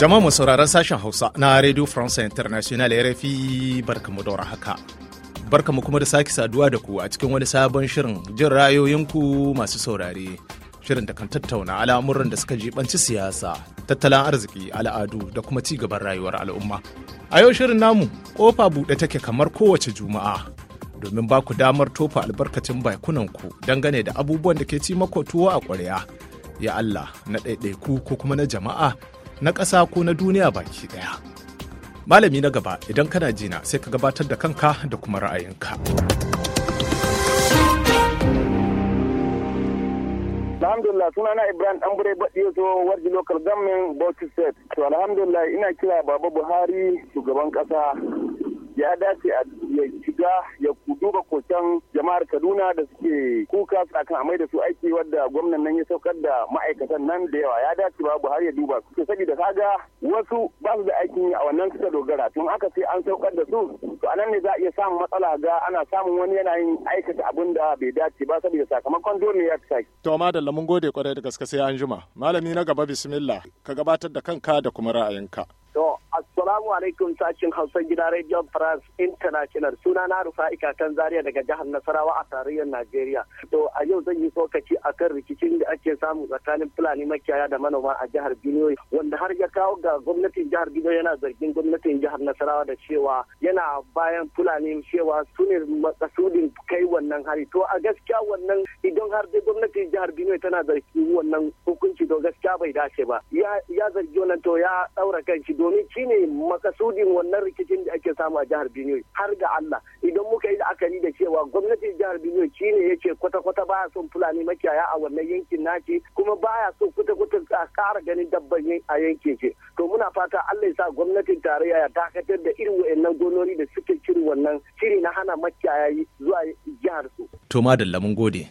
Jama'a mu sauraron sashen Hausa na Radio France International RFI barkamu da haka. Barkamu kuma da sake saduwa da ku a cikin wani sabon shirin jin rayoyinku masu saurare. Shirin da kan tattauna al'amuran da suka jibanci siyasa, tattalin arziki, al'adu da kuma ci gaban rayuwar al'umma. A yau shirin namu kofa buɗe take kamar kowace juma'a. domin ba ku damar tofa albarkacin baikunanku dangane da abubuwan da ke ci mako tuwo a ƙwarya. Ya Allah na ɗaiɗaiku ko kuma na jama'a na ƙasa ko na duniya baki ɗaya. Malami na gaba idan kana jina sai ka gabatar da kanka da kuma ra'ayinka. alhamdulillah na ibrahim ɗanbure baɗi ya zo warji local government bauchi state to alhamdulillah ina kira baba buhari shugaban ƙasa ya dace ya shiga ya duba koken jama'ar kaduna da suke kuka akan amai da su aiki wadda gwamnan nan ya saukar da ma'aikatan nan da yawa ya dace ba buhari ya duba su saboda kaga wasu ba su da aikin a wannan suka dogara tun aka sai an saukar da su to anan ne za a iya samun matsala ga ana samun wani yana yin aikata abun da bai dace ba saboda sakamakon dole ya sake. to madalla mun gode kwarai da gaske sai an jima malami na gaba bismillah ka gabatar da kanka da kuma ra'ayinka. Assalamu alaikum Sashen Hausa gida Radio France International suna na rufa ikakan Zaria daga jihar Nasarawa a tarayyar Najeriya. To a yau zan yi tsokaci kan rikicin da ake samu tsakanin Fulani makiyaya da manoma a jihar Benue wanda har ya kawo ga gwamnatin jihar Benue yana zargin gwamnatin jihar Nasarawa da cewa yana bayan Fulani cewa su ne makasudin kai wannan hari. To a gaskiya wannan idan har dai gwamnatin jihar Benue tana zargin wannan hukunci to gaskiya bai dace ba. Ya zargi wannan to ya daura shi domin shi ne makasudin wannan rikicin da ake samu a jihar Benue har ga Allah idan muka yi la'akari da cewa gwamnatin jihar Benue shine yake kwata-kwata baya son Fulani makiyaya a wannan yankin naci kuma baya son kwata-kwata a kara ganin dabban a yankin ce to muna fata Allah ya sa gwamnatin tarayya ya dakatar da irin wayannan gonori da suke cire wannan shiri na hana makiyaya zuwa jihar su to madalla mun gode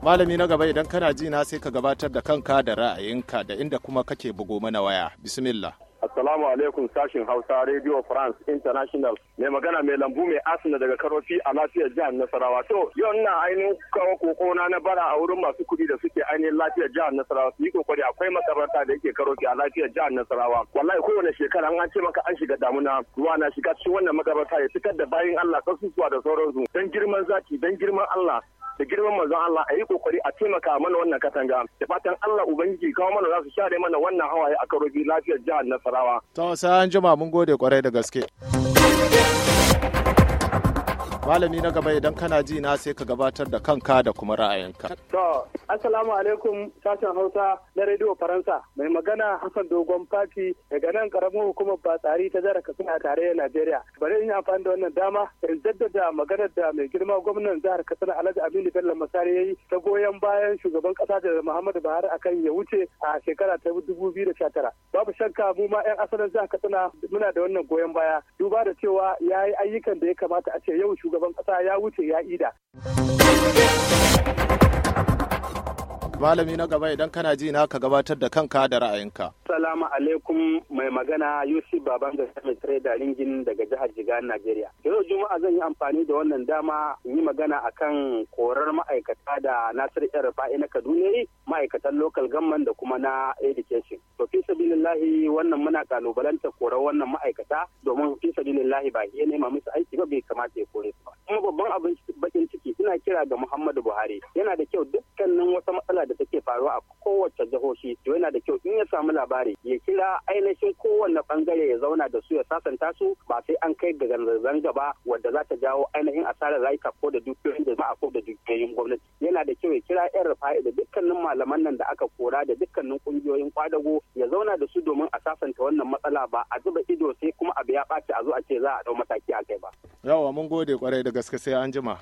Malami na gaba idan kana ji na sai ka gabatar da kanka da ra'ayinka da inda kuma kake bugo mana waya. Bismillah. Assalamu alaikum sashin Hausa Radio France International. Mai magana mai lambu mai asina daga karofi a lafiyar jihar Nasarawa. To, yau ina ainihin kawo kokona na bara a wurin masu kuɗi da suke ainihin lafiyar jihar Nasarawa. Su yi kokari akwai makarantar da yake karofi a lafiyar jihar Nasarawa. Wallahi kowane shekara an ce maka an shiga damuna ruwa na shiga cikin wannan makarantar ya fitar da bayan Allah kasusuwa da sauransu. Don girman zaki, don girman Allah. da girman manzon Allah a yi kokari a taimaka mana wannan katanga da fatan Allah ubangiji kawo mana za su share mana wannan hawaye a karobi lafiyar jihar Nasarawa. To sai an jima mun gode kwarai da gaske. Malami na gaba idan kana ji na sai ka gabatar da kanka da kuma ra'ayinka. Assalamu alaikum sashen Hausa na Radio Faransa. Mai magana Hassan Dogon Fati daga nan karamin hukumar Batsari ta jihar Katsina tare tarayyar Najeriya. Bari in yi amfani da wannan dama in jaddada maganar da mai girma gwamnan jihar Katsina Alhaji Aminu Bello Masari yayi ta goyon bayan shugaban kasa da Muhammadu Buhari akan ya wuce a shekara ta 2019. Babu shakka mu ma 'yan asalin jihar Katsina muna da wannan goyon baya duba da cewa ya yi ayyukan da ya kamata a ce yau shugaban kasa ya wuce ya ida. Malami na gaba idan kana ji na ka gabatar da kanka da ra'ayinka. Salamu alaikum mai magana Yusuf Baban da Sami Trader Ringin daga jihar Jigawa Najeriya. Yau Juma'a zan yi amfani da wannan dama in yi magana akan korar ma'aikata da Nasir Yar Rufa'i na Kaduna ma'aikatan local government da kuma na education. To fi sabilillahi wannan muna kalubalanta korar wannan ma'aikata domin fi sabilillahi ba ya nema musu aiki ba bai kamata ya kore su ba. Kuma babban abin bakin ciki ina kira ga Muhammadu Buhari yana da kyau dukkanin wata matsala da take faruwa a kowace jihohi to yana da kyau in ya samu labari ya kira ainihin kowanne bangare ya zauna da su ya sasanta su ba sai an kai ga zanga ba wadda za ta jawo ainihin asarar rayuka ko da dukiyoyin da ba ko da dukiyoyin gwamnati yana da kyau ya kira yan rufa'i da dukkanin malaman nan da aka kora da dukkanin kungiyoyin kwadago ya zauna da su domin a sasanta wannan matsala ba a zuba ido sai kuma abu ya ɓaci a zo a ce za a dau mataki a kai ba. Yawa mun gode kwarai da gaske sai an jima.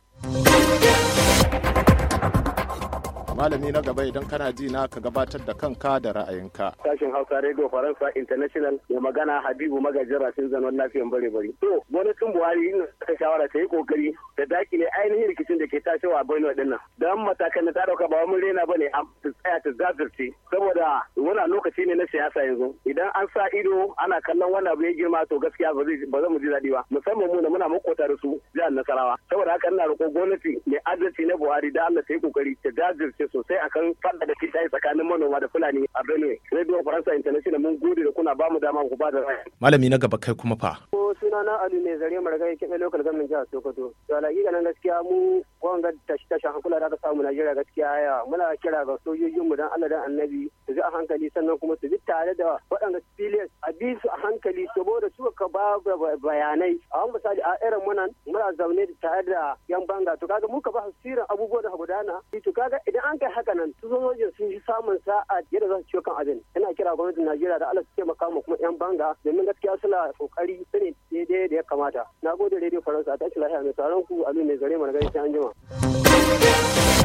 malami na gaba idan kana ji na ka gabatar da kanka da ra'ayinka sashen hausa radio faransa international mai magana habibu magajin Rasin zanon lafiyan bare bare to gwamnatin buhari ina ta shawara ta yi kokari da ne ainihin rikicin da ke tashiwa a bayyana dinnan dan matakan da ta dauka ba mun rena ne a tsaya ta zazirce saboda wannan lokaci ne na siyasa yanzu idan an sa ido ana kallon wannan abu ya girma to gaskiya ba zai mu ji daɗi ba musamman mu da muna makota da su jihar Nasarawa saboda haka ina roƙo gwamnati mai adalci na Buhari da Allah ta yi kokari ta jajirce sosai akan fada da fita tsakanin manoma da Fulani a Benue. Radio Faransa International mun gode da kuna bamu dama ku ba da Malami na gaba kai kuma fa. Ko sunana alu ne zare marga yake lokal gamin jihar Sokoto. To alhaƙiƙa nan gaskiya mu wanga tashin hankula da aka samu Najeriya gaskiya ya muna kira ga sojojinmu dan Allah dan Annabi su ji a hankali sannan kuma su bi tare da waɗanda civilians a bi su a hankali saboda su ka ba bayanai a wani misali a irin munan muna zaune tare da yan banga to kaga muka ba su sirin abubuwa da gudana to kaga idan an kai haka nan su sojojin sun yi samun sa'a yadda za su ciwo kan abin ina kira gwamnatin Najeriya da Allah su taimaka mu kuma yan banga domin gaskiya suna kokari su ne daidai da ya kamata na gode radio faransa a tashi lafiya mai tsaron ku alu mai zare mana gari sai an jima Valeu!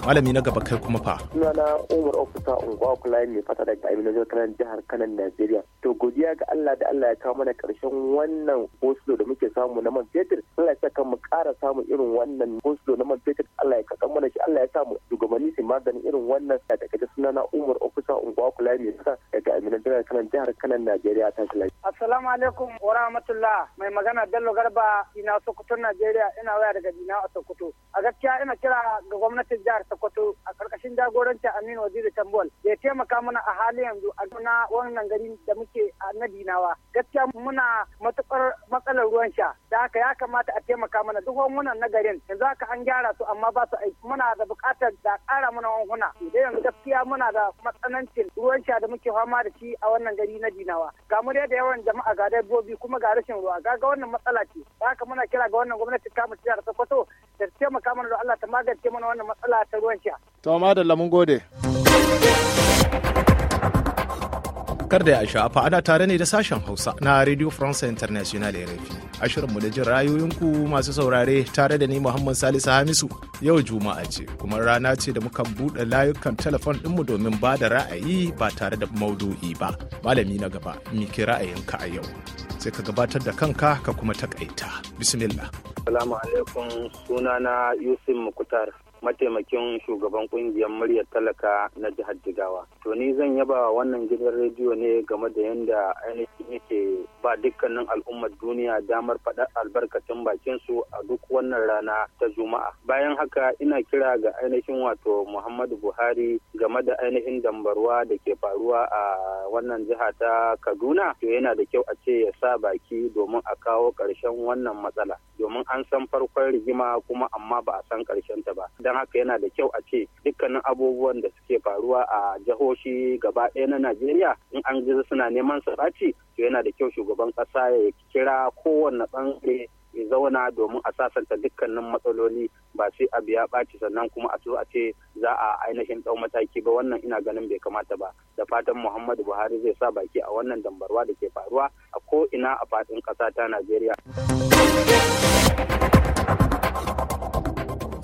malami na gaba kai kuma fa sunana umar ofisa unguwa kula ne fata daga aminu zokaran jihar kanan najeriya to godiya ga allah da allah ya kawo mana karshen wannan hosulo da muke samu na man fetur allah ya sa mu kara samun irin wannan hosulo na man fetur allah ya kasan mana shi allah ya sa mu shugabanni su maganin irin wannan da daga sunana umar ofisa unguwa kula ne fata daga aminu zokaran kanan jihar kanan najeriya ta shi assalamu alaikum wa rahmatullah mai magana bello garba ina sokoto najeriya ina waya daga dina a sokoto a gaskiya ina kira ga gwamnatin jihar Sokoto a karkashin jagoranci Aminu Waziri Tambol ya taimaka mana a halin yanzu a na wannan gari da muke a Nadinawa. Gaskiya muna matukar matsalar ruwan sha da haka ya kamata a taimaka mana duk wannan na garin yanzu haka an gyara su amma ba su aiki muna da bukatar da kara mana wanhuna da yanzu gaskiya muna da matsanancin ruwan sha da muke fama da shi a wannan gari na Dinawa. Ga mu da yawan jama'a ga dabbobi kuma ga rashin ruwa ga ga wannan matsala ce. Da haka muna kira ga wannan gwamnati ta mu ta Sokoto ta taimaka mana da Allah ta magance mana wannan matsala ta ruwan sha. To madalla mun gode. Kar da ya sha'afa ana tare ne da sashen Hausa na Radio France International RFI. A mu da jin rayoyinku masu saurare tare da ni Muhammad Salisu Hamisu yau Juma'a ce kuma rana ce da muka buɗe layukan telefon mu domin ba da ra'ayi ba tare da maudu'i ba. Malami na gaba, miki ra'ayinka a yau. Sai ka gabatar da kanka ka kuma takaita. Bismillah. Salamu alaikum sunana Yusuf Mukutar. mataimakin shugaban kungiyar muryar talaka na jihar jigawa to ni zan yaba wannan gidan rediyo ne game da yadda ainihin yake ba dukkanin al'ummar duniya damar faɗa albarkacin bakin su a duk wannan rana ta juma'a bayan haka ina kira ga ainihin wato muhammadu buhari game da ainihin dambarwa da ke faruwa a wannan jiha ta kaduna to yana da kyau a ce ya sa baki domin a kawo ƙarshen wannan matsala domin an san farkon rigima kuma amma ba a san ƙarshen ta ba don haka yana da kyau a ce dukkanin abubuwan da suke faruwa a jihohi gaba ɗaya na najeriya in an ji suna neman su ɓaci to yana da kyau shugaban ƙasa ya kira kowanne ɓangare ya zauna domin a sasanta dukkanin matsaloli ba sai abu ya ɓaci sannan kuma a so a ce za a ainihin ɗau mataki ba wannan ina ganin bai kamata ba da fatan muhammadu buhari zai sa baki a wannan dambarwa da ke faruwa a ko ina a faɗin ƙasa ta najeriya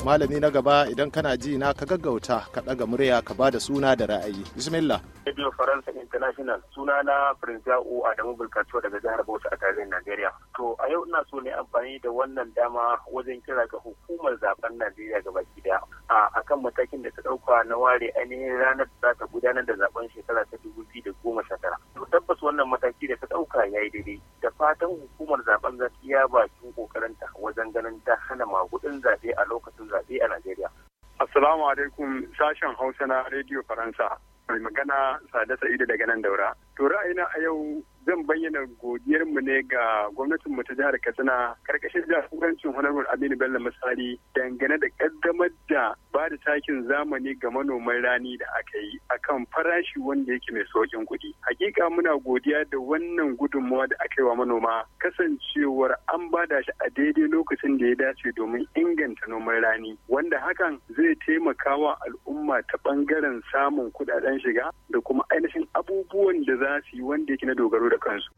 malami na gaba idan kana ji na ka gaggauta ka ɗaga murya ka ba da suna da ra'ayi bismillah radio faransa international suna na prince ya'u adamu bulkato daga jihar bauchi a tarihin nigeria. To a yau ina so ne amfani da wannan dama wajen kira ga hukumar zaben Najeriya gaba gida a kan matakin da ta ɗauka na ware ainihin ranar da za ta gudanar da zaben shekara ta dubu biyu da goma sha tara. To tabbas wannan mataki da ta ɗauka ya yi daidai. Da fatan hukumar zaben za ta iya bakin ƙoƙarinta wajen ganin ta hana magudin zaɓe a lokacin zaɓe a Najeriya. Assalamu alaikum sashen Hausa na Radio Faransa. Mai magana Sada Sa'idu daga nan daura. To ra'ayina a yau zan bayyana godiyarmu ne ga gwamnatinmu ta jihar katsina karkashin jagorancin honorable aminu bello misali dangane da kaddamar da ba da takin zamani ga manoman rani da aka yi akan farashi wanda yake mai saukin kuɗi hakika muna godiya da wannan gudunmawa da aka yi wa manoma kasancewar an ba da shi a daidai lokacin da ya dace domin inganta noman rani wanda hakan zai taimaka wa al'umma ta bangaren samun kuɗaɗen shiga da kuma ainihin abubuwan da za su yi wanda yake na dogaro da da kansu.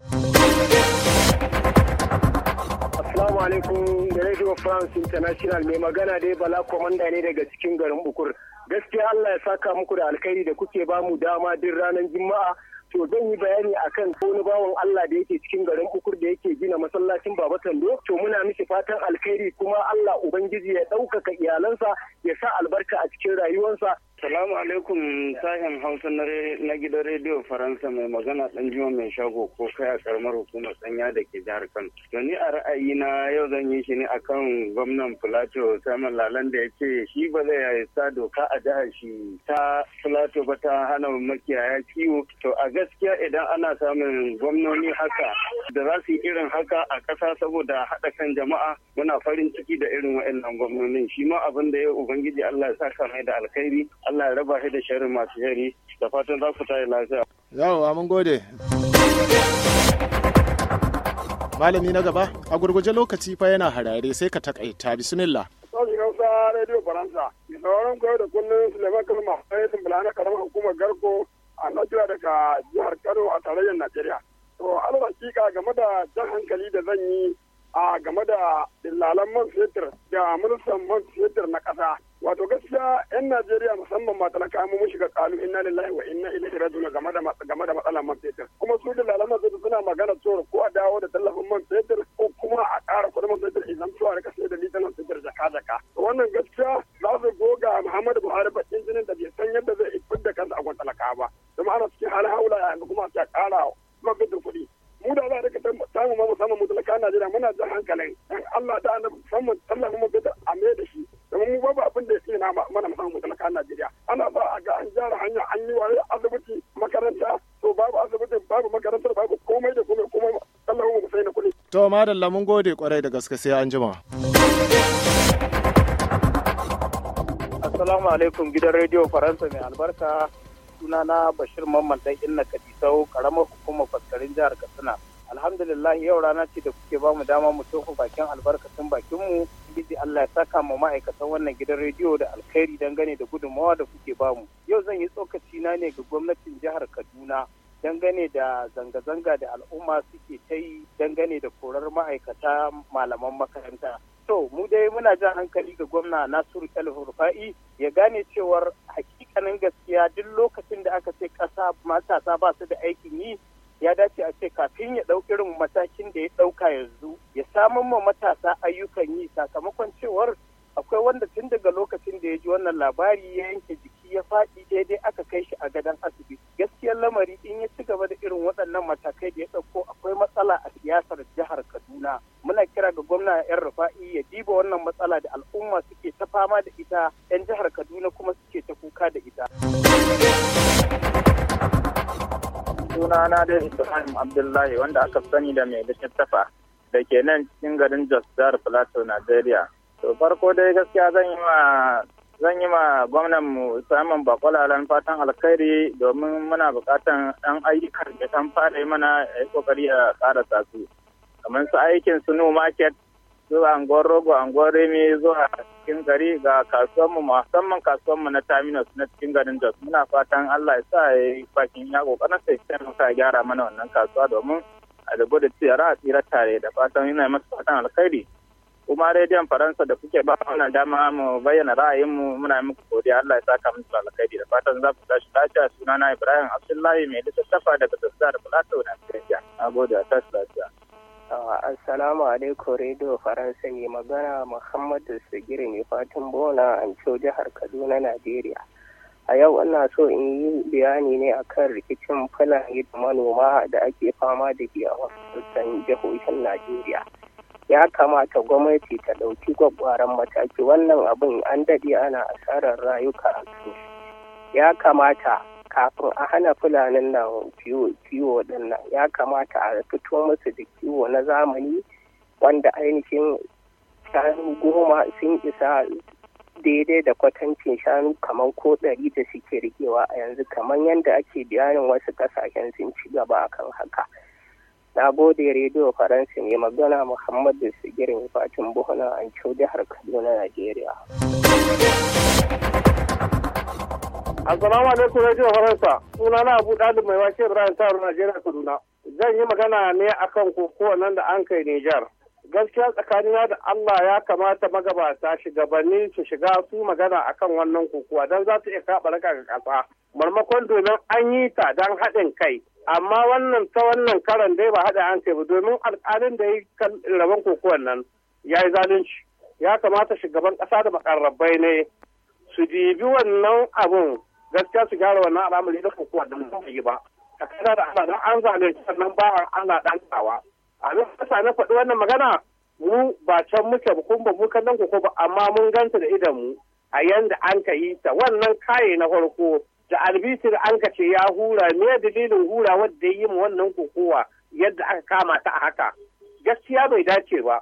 Assalamu alaikum da Radio France International mai magana dai Bala Komanda ne daga cikin garin Bukur. Gaskiya Allah ya saka muku da alkhairi da kuke ba mu dama din ranar Juma'a. To zan yi bayani akan wani bawan Allah da yake cikin garin Bukur da yake gina masallacin Baba Tando. To muna mishi fatan alkhairi kuma Allah Ubangiji ya ɗaukaka iyalansa ya sa albarka a cikin rayuwarsa Salamu alaikum sahin Hausa na gidan rediyo Faransa mai magana dan jima mai shago ko kai a karamar hukumar sanya da ke jihar Kano. To ni a na yau zan yi shi ne akan gwamnan Filato Samun Lalan da ya ce shi ba zai sa doka a jihar shi ta Filato ba ta hana makiyaya kiwo. To a gaskiya idan ana samun gwamnoni haka da za su yi irin haka a ƙasa saboda haɗa kan jama'a muna farin ciki da irin waɗannan gwamnonin shi ma abin da ya ubangiji Allah ya saka mai da alkhairi Allah ya raba shi da sharri masu shari da fatan za ku tare lafiya yawa mun gode malami na gaba a gurguje lokaci fa yana harare sai ka takaita bismillah sashen hausa radio faransa mai sauraron koyo da kullum suleiman kalma sai tumbula na karamar hukumar garko a najeriya daga jihar kano a tarayyar najeriya to alhakika game da jan hankali da zan yi a game da dillalan man fetur da ministan man fetur na ƙasa. Wato gaskiya 'yan Najeriya musamman ma talaka mu shiga kalu inna lillahi wa inna ilaihi raji'un game da game da matsalar man fetur. Kuma su dillalan man fetur suna magana cewa ko a dawo da tallafin man fetur ko kuma a ƙara kuɗin man fetur idan cewa da kasance da litinin fetur jaka jaka. Wannan gaskiya za su goga Muhammadu Buhari bakin jinin da bai san yadda zai fitar da kansa a gwanta talaka ba. Kuma ana cikin halin haula yanzu kuma a ƙara madalla mun gode kwarai da gaske sai an jima. Assalamu alaikum gidan rediyo Faransa mai albarka sunana Bashir Mamman dan Inna Kadisau karamar hukumar faskarin jihar Katsina. Alhamdulillah yau rana ce da kuke ba mu dama mu tofa bakin albarkacin bakin mu. Bidi Allah ya saka mu ma'aikatan wannan gidan rediyo da alkhairi dangane da gudunmawa da kuke ba mu. Yau zan yi tsokaci na ne ga gwamnatin jihar Kaduna dangane da zanga-zanga da al'umma suke ta yi dangane da korar ma'aikata malaman makaranta. To, mu dai muna jan hankali ga gwamna Nasiru El Rufai ya gane cewar hakikanin gaskiya duk lokacin da aka ce ƙasa matasa ba su da aikin yi ya dace a ce kafin ya ɗau irin matakin da ya ɗauka yanzu ya samun ma matasa ayyukan yi sakamakon cewar akwai wanda tun daga lokacin da ya ji wannan labari ya yanke jiki faɗi ya faɗi daidai aka kai shi a gadon asibiti gaskiyar lamari in ya ci gaba da irin waɗannan matakai da ya ɗauko akwai matsala a siyasar jihar kaduna muna kira ga gwamna yan rufa'i ya diba wannan matsala da al'umma suke ta fama da ita yan jihar kaduna kuma suke ta kuka da ita sunana da ibrahim abdullahi wanda aka sani da mai littattafa da ke nan cikin garin jos jihar plateau nigeria to farko dai gaskiya zan yi wa zan yi ma gwamnan mu samun bakwalalan fatan alkhairi domin muna bukatan ɗan ayyukan da kan fara mana yi kokari a ƙara su kamar su aikin su new market zuwa anguwar rogo anguwar remi zuwa cikin gari ga kasuwar mu musamman kasuwar mu na terminus na cikin garin jos muna fatan allah ya sa ya yi fakin ya kokarin sai taimaka gyara mana wannan kasuwa domin a da tsira a tsira tare da fatan yana masa fatan alkhairi kuma rediyon faransa da kuke ba wannan dama mu bayyana ra'ayinmu muna muku godiya Allah ya saka da alkhairi da fatan za ku tashi lafiya sunana Ibrahim Abdullahi mai littattafa daga Plato na Nigeria gode a tashi lafiya ah, Assalamu alaikum Radio Faransa mai magana Muhammadu Sigiri mai fatan Bona Anco jihar Kaduna Najeriya. A yau ina so in yi bayani ne akan rikicin Fulani da manoma da ake fama da ke a wasu jihohin Najeriya. ya kamata gwamnati ta ɗauki gwaggwaran mataki wannan abin an daɗe ana asarar rayuka a ya kamata kafin a hana fulanin nan kiwo din ya kamata a fito musu da kiwo na zamani wanda ainihin shanu goma sun isa daidai da kwatancin shanu kamar ko ɗari da suke rikewa a yanzu kamar yadda ake biyanin wasu ƙasashen sun ci gaba akan haka. Na gode rediyo Faransa mai magana Muhammadu Sigir mai fatin buhuna an cewa jihar Kaduna, Najeriya. Assalamu alaikum rediyo Faransa. Suna na Abu Dalib mai wace Ibrahim Taro, Najeriya, Kaduna. Zan yi magana ne akan kokowa nan da an kai Nijar. Gaskiya tsakanina da Allah ya kamata magabata shugabanni su shiga su magana akan wannan kokowa don za ta iya kaɓa raka ga ƙasa. Marmakon domin an yi ta don haɗin kai. amma wannan ta wannan karan dai ba haɗa an ba domin alƙalin da ya yi rabon kokowar nan ya yi zalunci ya kamata shugaban ƙasa da makarrabai ne su jibi wannan abun gaskiya su gyara wannan al'amari da kokowar da ba yi ba a kada da ala don an zalunci sannan ba ana ɗantawa a lokacin na faɗi wannan magana mu ba can muke ba kuma mu kallon koko ba amma mun ganta da idan mu a yanda an ka yi ta wannan kaye na farko da albitir an ka ya hura me dalilin hura wadda yi mu wannan kokowa yadda aka kama ta a haka gaskiya bai dace ba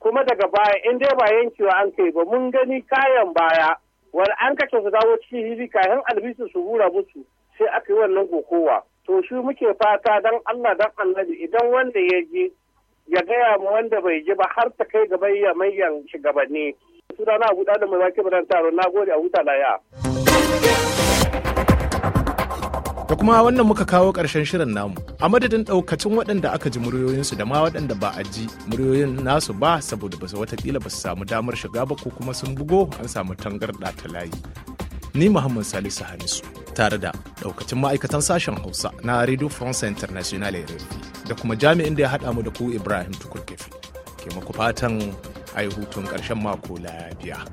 kuma daga baya in dai ba yankewa an kai ba mun gani kayan baya wani an kace su dawo cikin hiri kayan albisu su hura musu sai aka yi wannan kokowa to shi muke fata dan Allah dan annabi idan wanda ya ji ya gaya mu wanda bai ji ba har ta kai gaba ya mayan shugabanni sunana Abu da mai wake taro na gode a huta laya. da kuma wannan muka kawo karshen shirin namu a madadin ɗaukacin waɗanda aka ji muryoyinsu da ma waɗanda ba a ji muryoyin nasu ba saboda ba su watakila ba su samu damar shiga ba ko kuma sun bugo an samu tangarɗa ta layi ni muhammad salisu hanisu tare da ɗaukacin ma'aikatan sashen hausa na radio france international da kuma jami'in da ya haɗa mu da ku ibrahim tukurkefi ke muku fatan a yi hutun ƙarshen mako lafiya.